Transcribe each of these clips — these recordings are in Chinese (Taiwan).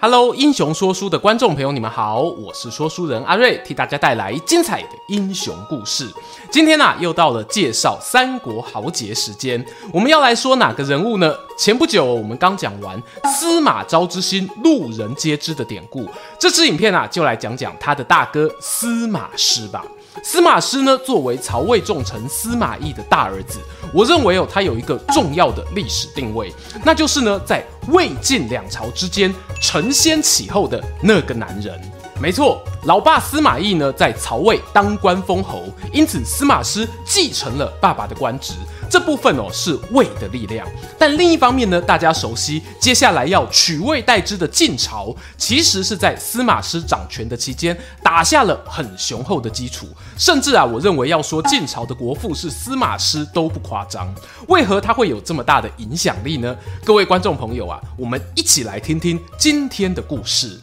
哈嘍，英雄說書的觀眾朋友，你們好，我是說書人阿瑞，替大家帶來精彩的英雄故事。今天啊，又到了介紹三國豪傑時間，我們要來說哪個人物呢？前不久我們剛講完司馬昭之心，路人皆知的典故，這支影片啊，就來講講他的大哥司馬師吧。司馬師呢，作為曹魏重臣司馬懿的大兒子，我認為哦，他有一個重要的歷史定位，那就是呢，在魏晉兩朝之間承先啟後的那個男人。沒錯，老爸司馬懿呢，在曹魏當官封侯，因此司馬師繼承了爸爸的官職。這部分哦是魏的力量，但另一方面呢，大家熟悉接下來要取魏代之的晉朝，其實是在司馬師掌權的期間打下了很雄厚的基礎，甚至啊，我認為要說晉朝的國父是司馬師都不誇張。為何他會有這麼大的影響力呢？各位觀眾朋友啊，我們一起來聽聽今天的故事。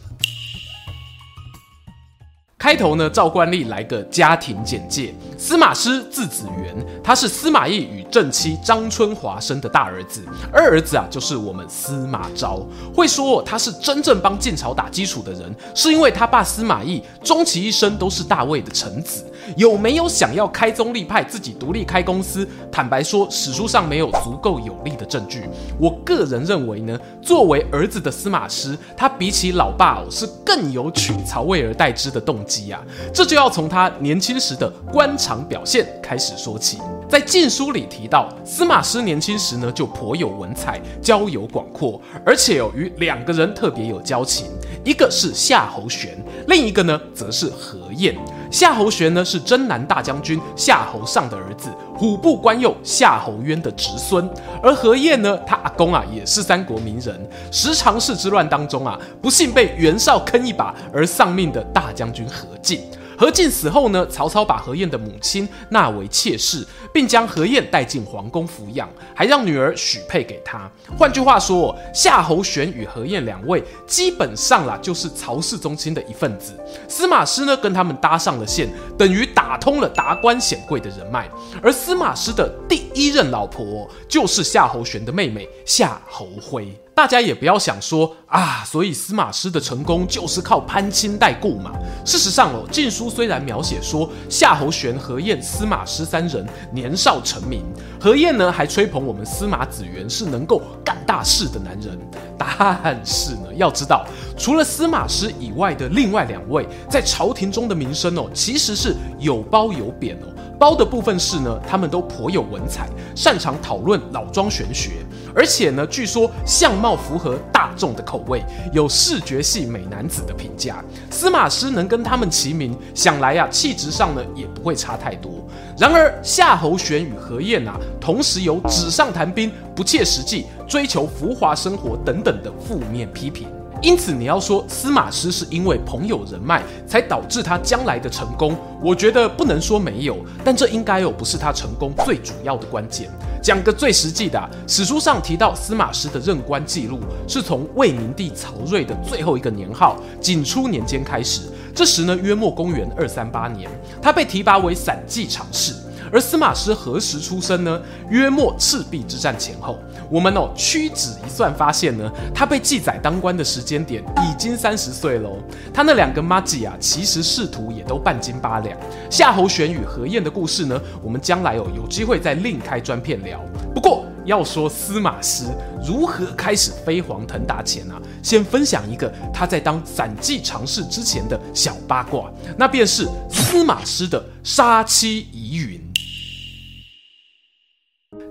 開頭呢，照慣例來個家庭簡介。司馬師字子元，他是司馬懿與正妻張春華生的大兒子，二兒子啊就是我們司馬昭。會說他是真正幫晉朝打基礎的人，是因為他爸司馬懿終其一生都是大魏的臣子。有沒有想要開宗立派、自己獨立開公司？坦白說，史書上沒有足夠有力的證據。我個人認為呢，作為兒子的司馬師，他比起老爸哦，是更有取曹魏而代之的動機啊。這就要從他年輕時的官場。常表現開始說起，在《晉書》裡提到，司馬師年輕時呢就頗有文采，交友廣闊，而且有與兩個人特別有交情，一個是夏侯玄，另一個呢則是何晏。夏侯玄呢是征南大將軍夏侯尚的兒子，虎步關右夏侯淵的侄孫；而何晏呢，他阿公啊也是三國名人，十常侍之亂當中啊不幸被袁紹坑一把而喪命的大將軍何進。何進死後呢，曹操把何晏的母親納為妾室，並將何晏帶進皇宮撫養，還讓女兒許配給他。換句話說，夏侯玄與何晏兩位基本上啦，就是曹氏宗親的一份子。司馬師呢，跟他們搭上了線，等於打通了達官顯貴的人脈。而司馬師的第一任老婆就是夏侯玄的妹妹夏侯徽。大家也不要想說啊，所以司馬師的成功就是靠攀親帶故嘛。事實上哦，《晉書》雖然描寫說夏侯玄、何晏、司馬師三人年少成名，何晏呢還吹捧我們司馬子元是能夠幹大事的男人，但是呢，要知道除了司馬師以外的另外兩位在朝廷中的名聲哦，其實是有褒有貶哦。褒的部分是呢，他們都頗有文采，擅長討論老莊玄學。而且呢，據說相貌符合大眾的口味，有視覺系美男子的評價。司馬師能跟他們齊名，想來啊，氣質上呢也不會差太多。然而夏侯玄與何晏啊，同時有紙上談兵、不切實際、追求浮華生活等等的負面批評。因此，你要說司馬師是因為朋友人脈才導致他將來的成功，我覺得不能說沒有，但這應該又不是他成功最主要的關鍵。講個最實際的、啊，史書上提到司馬師的任官記錄是從魏明帝曹睿的最後一個年號景初年間開始，這時呢約莫公元二三八年，他被提拔為散騎常侍。而司馬師何時出生呢？約莫赤壁之戰前後。我們哦屈指一算，發現呢，他被記載當官的時間點已經三十歲嘍、哦。他那兩個麻吉啊，其實仕途也都半斤八兩。夏侯玄與何晏的故事呢，我們將來哦有機會再另開專片聊。不過要說司馬師如何開始飛黃騰達前啊，先分享一個他在當散騎常侍之前的小八卦，那便是司馬師的殺妻疑雲。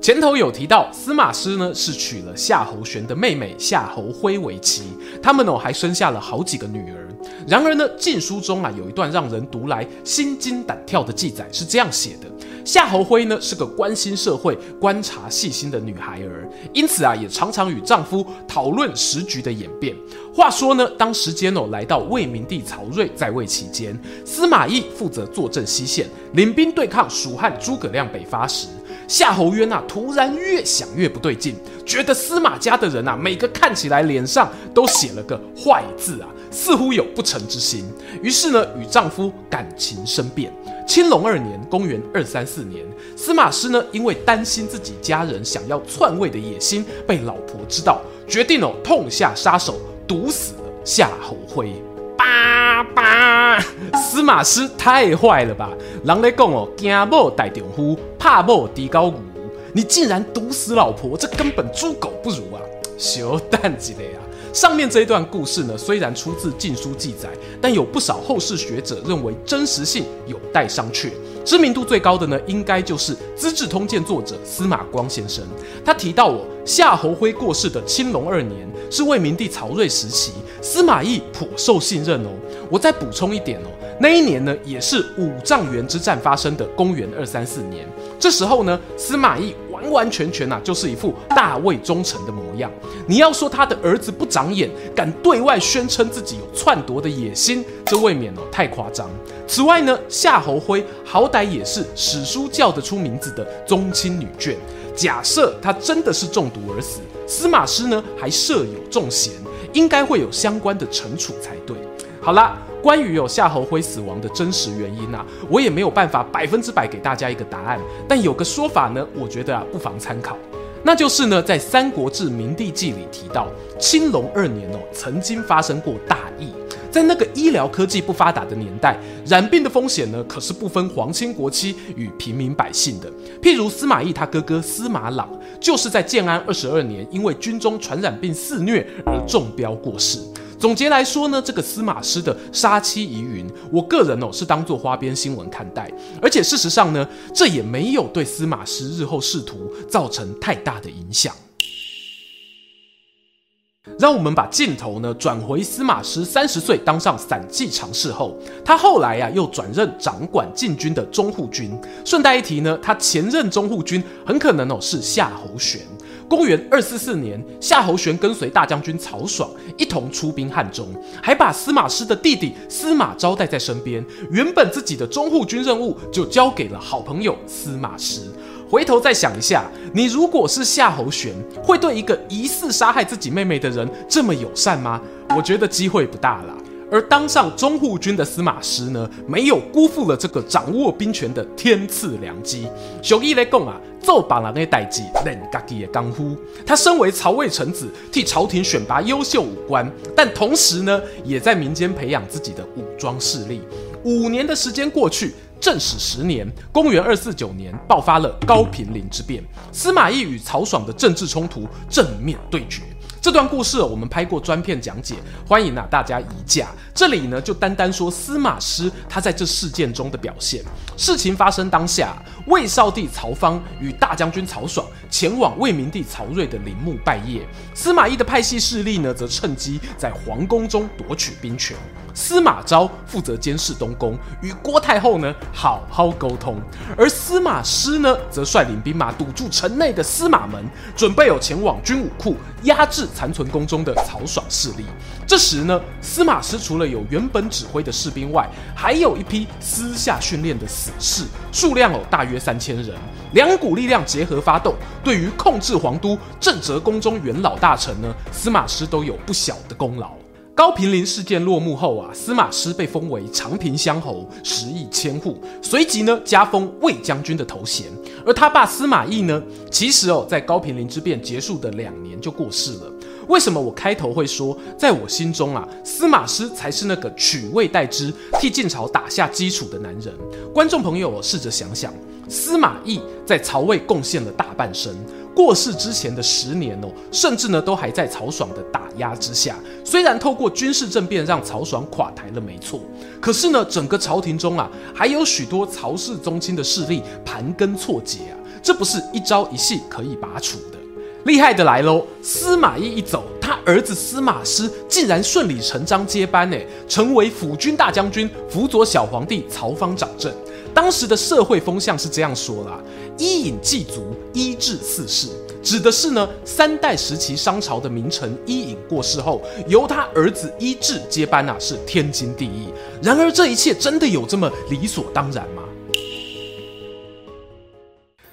前頭有提到，司馬師呢是娶了夏侯玄的妹妹夏侯徽為妻，他們哦還生下了好幾個女兒。然而呢，晉書中啊有一段讓人讀來心驚膽跳的記載，是這樣寫的：夏侯徽呢是個關心社會、觀察細心的女孩兒，因此啊也常常與丈夫討論時局的演變。話說呢，當時間哦來到魏明帝曹叡在位期間，司馬懿負責坐鎮西線，領兵對抗蜀漢諸葛亮北伐時。夏侯淵吶、啊，突然越想越不對勁，覺得司馬家的人吶、啊，每個看起來臉上都寫了個壞字啊，似乎有不臣之心。於是呢，與丈夫感情生變。青龍二年（公元二三四年），司馬師呢，因為擔心自己家人想要篡位的野心被老婆知道，決定哦痛下殺手，毒死了夏侯徽。啊！司馬師太壞了吧！人咧講哦，驚某大丈夫，怕某豬狗牛，你竟然毒死老婆，這根本豬狗不如啊！稍等一下啊。上面這一段故事呢，雖然出自《晉書》記載，但有不少後世學者認為真實性有待商榷。知名度最高的呢，應該就是《資治通鑑》作者司馬光先生，他提到我、哦、夏侯徽過世的青龍二年，是魏明帝曹睿時期，司馬懿頗受信任哦。我再補充一點哦，那一年呢，也是五丈原之戰發生的公元二三四年，這時候呢，司馬懿，完完全全吶、啊，就是一副大魏忠臣的模樣。你要說他的兒子不長眼，敢對外宣稱自己有篡奪的野心，這未免哦太誇張。此外呢，夏侯徽好歹也是史書叫得出名字的宗親女眷。假設他真的是中毒而死，司馬師呢還涉有重嫌，應該會有相關的懲處才對。好啦。關於有夏侯徽死亡的真實原因啊，我也沒有辦法百分之百給大家一個答案。但有個說法呢，我覺得啊，不妨參考。那就是呢，在《三國志·明帝紀》裡提到，青龍二年哦，曾經發生過大疫。在那個醫療科技不發達的年代，染病的風險呢，可是不分皇親國戚與平民百姓的。譬如司馬懿他哥哥司馬朗，就是在建安二十二年，因為軍中傳染病肆虐而中標過世。總結來說呢，這個司馬師的殺妻疑雲，我個人哦是當做花邊新聞看待，而且事實上呢，這也沒有對司馬師日後仕途造成太大的影響。讓我們把鏡頭呢轉回司馬師三十歲當上散騎常侍後，他後來呀、啊、又轉任掌管禁軍的中護軍。順帶一提呢，他前任中護軍很可能哦是夏侯玄。公元二四四年，夏侯玄跟隨大將軍曹爽一同出兵漢中，還把司馬師的弟弟司馬昭帶在身邊。原本自己的中護軍任務就交給了好朋友司馬師。回頭再想一下，你如果是夏侯玄，會對一個疑似殺害自己妹妹的人這麼友善嗎？我覺得機會不大啦。而當上中護軍的司馬師呢，沒有辜負了這個掌握兵權的天賜良機。雄一來講啊。做榜郎的代際，冷家的江湖。他身為曹魏臣子，替朝廷選拔優秀武官，但同時呢，也在民間培養自己的武裝勢力。五年的時間過去，正始十年，公元二四九年爆發了高平陵之變，司馬懿與曹爽的政治衝突正面對決。這段故事我們拍過專片講解，歡迎啊大家移駕。這裡呢就單單說司馬師他在這事件中的表現。事情發生當下，魏少帝曹芳與大將軍曹爽前往魏明帝曹睿的陵墓拜謁，司馬懿的派系勢力呢則趁機在皇宮中奪取兵權。司馬昭負責監視東宮，與郭太後呢好好溝通；而司馬師呢，則率領兵馬堵住城內的司馬門，準備有前往軍武庫壓制殘存宮中的曹爽勢力。這時呢，司馬師除了有原本指揮的士兵外，還有一批私下訓練的死士，數量哦大約三千人。兩股力量結合發動，對於控制皇都震懾宮中元老大臣呢，司馬師都有不小的功勞。高平陵事件落幕後啊，司馬師被封為長平鄉侯，食邑千戶，隨即呢加封衛將軍的頭銜。而他爸司馬懿呢，其實哦，在高平陵之變結束的兩年就過世了。為什麼我開頭會說，在我心中啊，司馬師才是那個取魏代之、替晉朝打下基礎的男人？觀眾朋友試着想想，司馬懿在曹魏貢獻了大半生。過世之前的十年哦，甚至呢都還在曹爽的打壓之下。雖然透過軍事政變讓曹爽垮台了，沒錯，可是呢整個朝廷中啊，還有許多曹氏宗親的勢力盤根錯節啊，這不是一朝一夕可以拔除的。厲害的來嘍，司馬懿一走，他兒子司馬師竟然順理成章接班，哎，成為撫軍大將軍，輔佐小皇帝曹芳掌政。當時的社會風向是這樣說啦、啊：伊尹繼足，伊摯嗣世，指的是呢三代時期商朝的名臣伊尹過世後，由他兒子伊摯接班啊，是天經地義。然而，這一切真的有這麼理所當然嗎？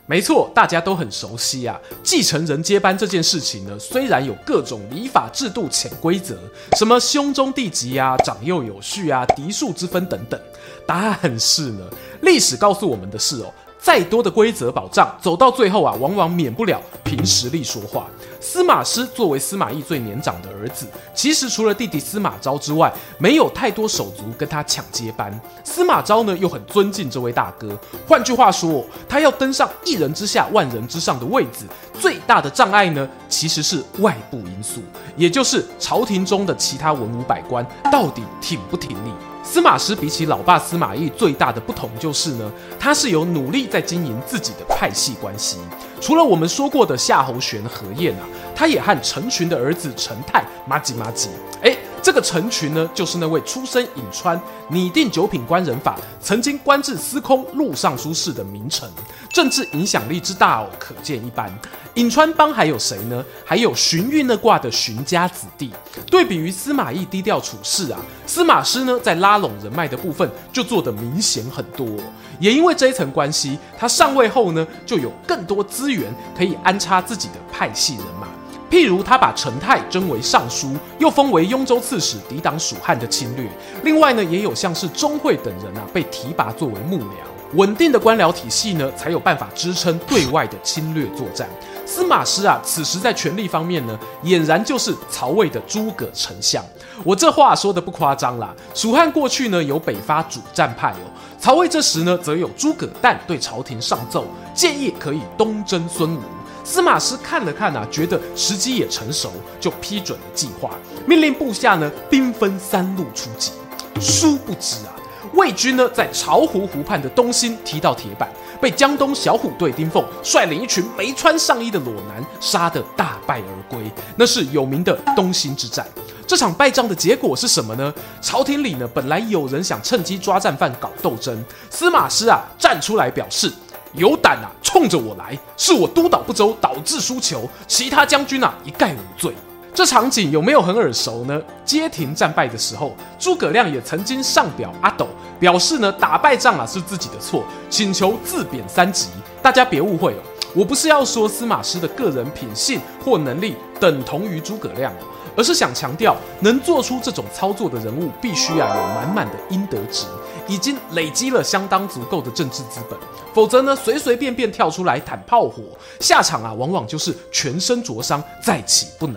沒錯，大家都很熟悉啊，繼承人接班這件事情呢，雖然有各種禮法制度、潛規則，什麼兄終弟及啊、長幼有序啊、嫡庶之分等等。答案是呢，歷史告訴我們的是哦，再多的規則保障，走到最後啊，往往免不了憑實力說話。司馬師作為司馬懿最年長的兒子，其實除了弟弟司馬昭之外，沒有太多手足跟他搶接班。司馬昭呢，又很尊敬這位大哥。換句話說、哦，他要登上一人之下萬人之上的位子，最大的障礙呢，其實是外部因素，也就是朝廷中的其他文武百官到底挺不挺你司馬師比起老爸司馬懿最大的不同就是呢，他是有努力在經營自己的派系關係。除了我們說過的夏侯玄、何晏啊，他也和陳群的兒子陳泰、麻吉、麻吉，哎。這個陳群呢，就是那位出身潁川、擬定九品官人法、曾經官至司空、錄尚書事的名臣，政治影響力之大哦，可見一斑。潁川幫還有誰呢？還有荀彧那掛的荀家子弟。對比於司馬懿低調處事啊，司馬師呢，在拉攏人脈的部分就做得明顯很多。也因為這一層關係，他上位後呢，就有更多資源可以安插自己的派系人馬。譬如他把陳泰徵為尚書，又封為雍州刺史，抵擋蜀漢的侵略。另外呢，也有像是鍾會等人啊，被提拔作為幕僚。穩定的官僚體系呢，才有辦法支撐對外的侵略作戰。司馬師啊，此時在權力方面呢，儼然就是曹魏的諸葛丞相。我這話說得不誇張啦。蜀漢過去呢，有北伐主戰派哦。曹魏這時呢，則有諸葛誕對朝廷上奏，建議可以東征孫吳。司馬師看了看啊，覺得時機也成熟，就批准了計劃，命令部下呢，兵分三路出擊。殊不知啊，魏軍呢在巢湖湖畔的東興踢到鐵板，被江東小虎隊丁奉率領一群沒穿上衣的裸男殺得大敗而歸，那是有名的東興之戰。這場敗仗的結果是什麼呢？朝廷裡呢本來有人想趁機抓戰犯搞鬥爭，司馬師啊站出來表示。有膽啊，衝着我來！是我督導不周，導致輸球。其他將軍啊，一概無罪。這場景有沒有很耳熟呢？街亭戰敗的時候，諸葛亮也曾經上表阿斗，表示呢打敗仗啊是自己的錯，請求自貶三級。大家別誤會哦，我不是要說司馬師的個人品性或能力等同於諸葛亮。而是想強調，能做出這種操作的人物，必須啊有滿滿的應得值，已經累積了相當足夠的政治資本。否則呢，隨隨便便跳出來談炮火，下場啊往往就是全身灼傷，再起不能。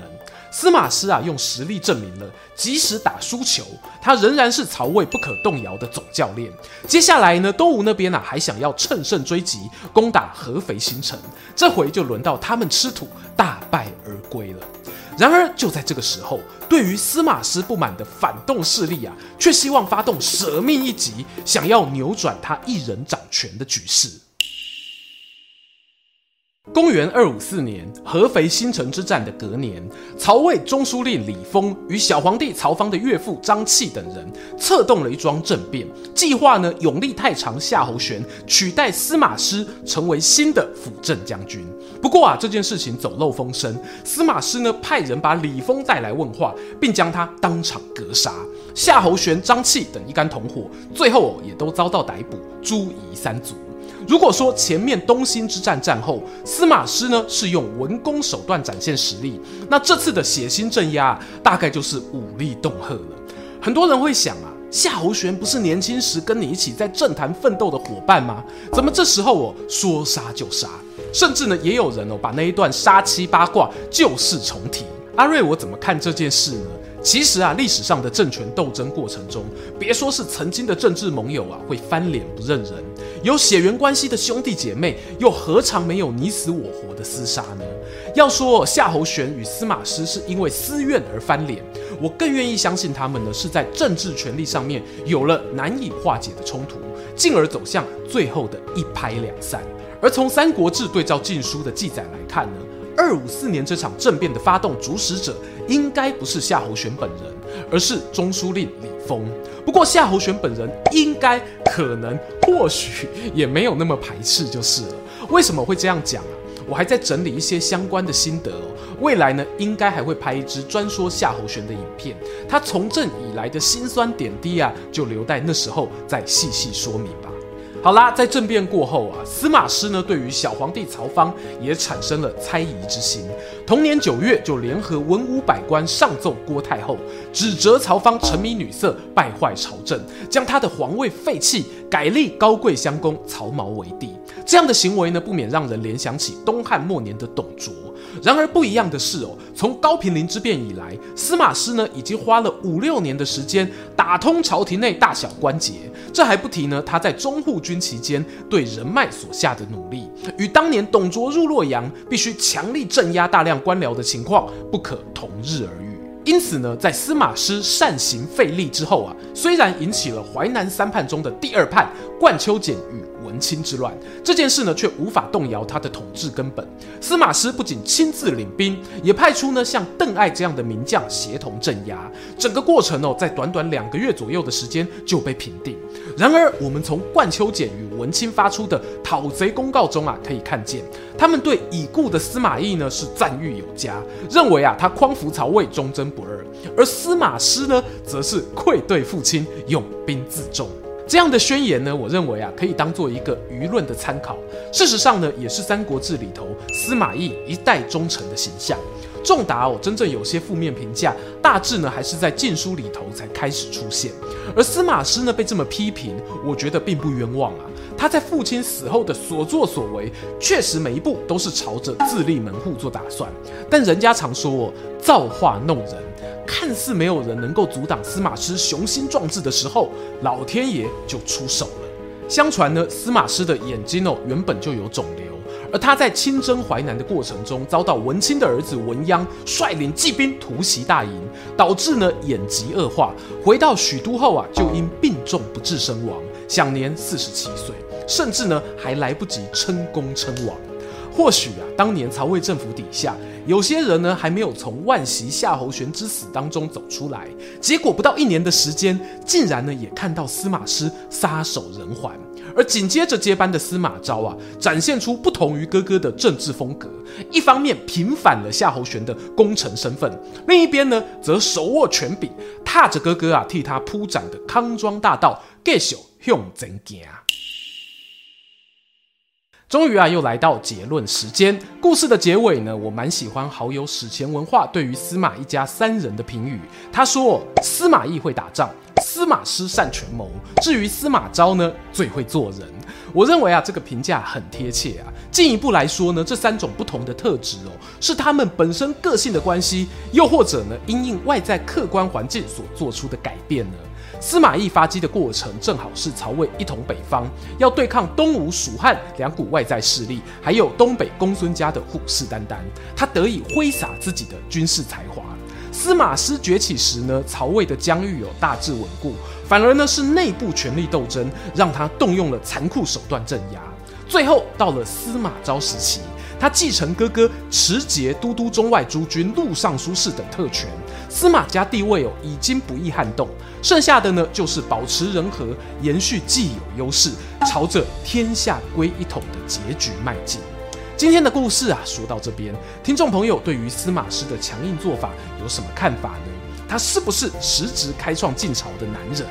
司馬師啊用實力證明了，即使打輸球，他仍然是曹魏不可動搖的總教練。接下來呢，東吳那邊啊還想要乘勝追擊，攻打合肥新城，這回就輪到他們吃土，大敗而歸了。然而，就在這個時候，對於司馬師不滿的反動勢力啊，卻希望發動舍命一擊，想要扭轉他一人掌權的局勢。公元二五四年，合肥新城之戰的隔年，曹魏中書令李豐與小皇帝曹芳的岳父張緝等人策動了一樁政變，計劃呢，擁立太常夏侯玄取代司馬師成為新的輔政將軍。不過啊，這件事情走漏風聲，司馬師呢派人把李豐帶來問話，並將他當場格殺。夏侯玄、張緝等一干同夥，最後哦也都遭到逮捕，誅夷三族。如果說前面東興之戰戰後，司馬師呢是用文攻手段展現實力，那這次的血腥鎮壓大概就是武力恫嚇了。很多人會想啊，夏侯玄不是年輕時跟你一起在政壇奮鬥的伙伴嗎？怎麼這時候我、哦、說殺就殺？甚至呢，也有人哦把那一段殺妻八卦舊事重提。阿睿，我怎麼看這件事呢？其實啊，歷史上的政權鬥爭過程中，別說是曾經的政治盟友啊，會翻臉不認人，有血緣關係的兄弟姐妹又何嘗沒有你死我活的廝殺呢？要說夏侯玄與司馬師是因為私怨而翻臉，我更願意相信他們呢是在政治權力上面有了難以化解的衝突，進而走向最後的一拍兩散。而從《三國志》對照《晉書》的記載來看呢，二五四年這場政變的發動主使者，應該不是夏侯玄本人，而是中書令李豐。不過夏侯玄本人應該、可能、或許也沒有那麼排斥，就是了。為什麼會這樣講啊？我還在整理一些相關的心得哦。未來呢，應該還會拍一支專說夏侯玄的影片，他從政以來的辛酸點滴啊，就留待那時候再細細說明。好啦，在政變過後啊，司馬師呢對於小皇帝曹芳也產生了猜疑之心。同年九月，就聯合文武百官上奏郭太後，指責曹芳沉迷女色，敗壞朝政，將他的皇位廢棄，改立高貴鄉公曹髦為帝。這樣的行為呢，不免讓人聯想起東漢末年的董卓。然而不一樣的是哦，從高平陵之變以來，司馬師呢已經花了五六年的時間打通朝廷內大小關節，這還不提呢他在中護軍期間對人脈所下的努力，與當年董卓入洛陽必須強力鎮壓大量官僚的情況不可同日而語。因此呢，在司馬師擅行廢立之後啊，雖然引起了淮南三叛中的第二叛。毌丘儉與文欽之亂這件事呢，卻無法動搖他的統治根本。司馬師不僅親自領兵，也派出呢像鄧艾這樣的名將協同鎮壓。整個過程哦，在短短兩個月左右的時間就被平定。然而，我們從毌丘儉與文欽發出的討賊公告中啊，可以看見他們對已故的司馬懿呢是讚譽有加，認為啊他匡扶曹魏，忠貞不二。而司馬師呢，則是愧對父親，擁兵自重。這樣的宣言呢，我認為啊，可以當做一個輿論的參考。事實上呢，也是《三國志》裡頭司馬懿一代忠臣的形象。仲達哦，真正有些負面評價，大致呢還是在《晉書》裡頭才開始出現。而司馬師呢，被這麼批評，我覺得並不冤枉啊。他在父親死後的所作所為，確實每一步都是朝着自立門戶做打算。但人家常說哦，造化弄人。看似沒有人能夠阻擋司馬師雄心壯志的時候，老天爺就出手了。相傳呢，司馬師的眼睛哦，原本就有腫瘤，而他在親征淮南的過程中，遭到文欽的兒子文鴦率領騎兵突襲大營，導致呢眼疾惡化。回到許都後啊，就因病重不治身亡，享年四十七歲，甚至呢還來不及稱公稱王。或許啊，當年曹魏政府底下有些人呢，還沒有從惋惜夏侯玄之死當中走出來，結果不到一年的時間，竟然呢也看到司馬師撒手人寰，而緊接着接班的司馬昭啊，展現出不同於哥哥的政治風格，一方面平反了夏侯玄的功臣身份，另一邊呢，則手握權柄，踏着哥哥啊替他鋪展的康莊大道，繼續向前走。終於啊，又來到結論時間。故事的結尾呢，我蠻喜歡好友史前文化對於司馬一家三人的評語。他說：“司馬懿會打仗，司馬師善權謀，至於司馬昭呢，最會做人。”我認為啊，這個評價很貼切啊。進一步來說呢，這三種不同的特質哦，是他們本身個性的關係，又或者呢，因應外在客觀環境所做出的改變呢？司馬懿發跡的過程，正好是曹魏一統北方，要對抗東吳、蜀漢兩股外在勢力，還有東北公孫家的虎視眈眈，他得以揮灑自己的軍事才華。司馬師崛起時呢，曹魏的疆域有大致穩固，反而呢是內部權力鬥爭，讓他動用了殘酷手段鎮壓。最後到了司馬昭時期，他繼承哥哥持節都督中外諸軍、錄尚書事等特權。司馬家地位哦已經不易撼動，剩下的呢就是保持人和，延續既有優勢，朝着天下歸一統的結局邁進。今天的故事啊，說到這邊，聽眾朋友對於司馬師的強硬做法有什麼看法呢？他是不是實質開創晉朝的男人？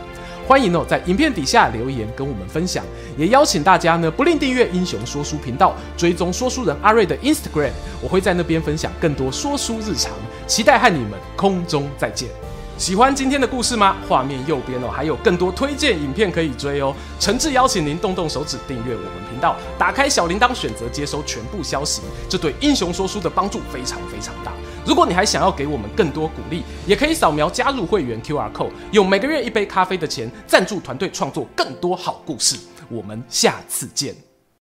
歡迎哦，在影片底下留言跟我們分享，也邀請大家呢不吝訂閱英雄說書頻道，追蹤說書人阿睿的 Instagram，我會在那邊分享更多說書日常，期待和你們空中再見。喜歡今天的故事嗎？畫面右邊哦還有更多推薦影片可以追哦，誠摯邀請您動動手指訂閱我們頻道，打開小鈴鐺選擇接收全部消息，這對英雄說書的幫助非常非常大。如果你還想要給我們更多鼓勵，也可以掃描加入會員 QR Code，用每個月一杯咖啡的錢贊助團隊創作更多好故事。我們下次見。